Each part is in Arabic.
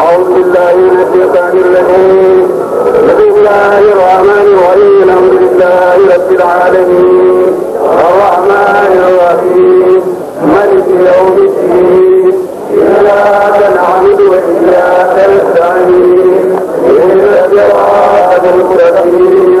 أعوذ بالله من الشيطان الرجيم بسم الله الرحمن الرحيم الحمد لله رب العالمين الرحمن الرحيم ملك يوم الدين إياك نعبد وإياك نستعين إن صراط المستقيم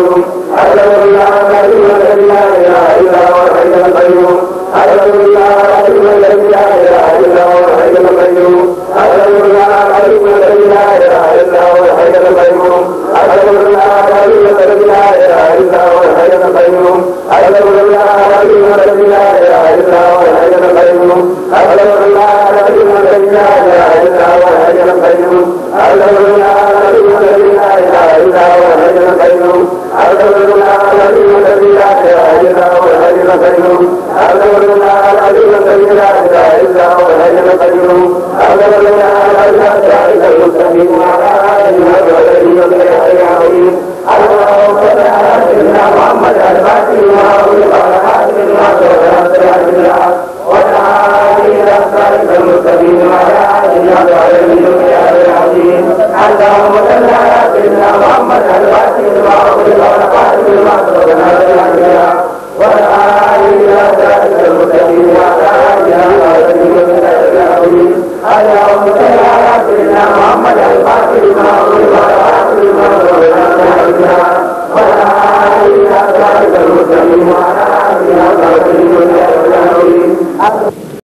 أشهد أن لا إله إلا هو الحي القيوم أشهد أن لا إله إلا هو الحي القيوم أشهد أن لا إله إلا هو الحي القيوم أشهد أن لا إله إلا هو الحي القيوم أشهد أن لا إله إلا هو الحي القيوم أشهد أن لا إله إلا هو الحي القيوم أشهد أن لا منا العليم الذي لا اله الا هو الحي القيوم اغفر لنا الاجر جاعل المستقيم على اله وسلم بالحي العظيم اللهم صل على سيدنا محمد الفاتح لما اغلق على حاتم ما سوى الله والعالي الى الصالح المستقيم على اله وسلم بالحي العظيم اللهم صل على سيدنا محمد الفاتح لما اغلق على حاتم ما سوى الله المرسلين على آله وصحبه أجمعين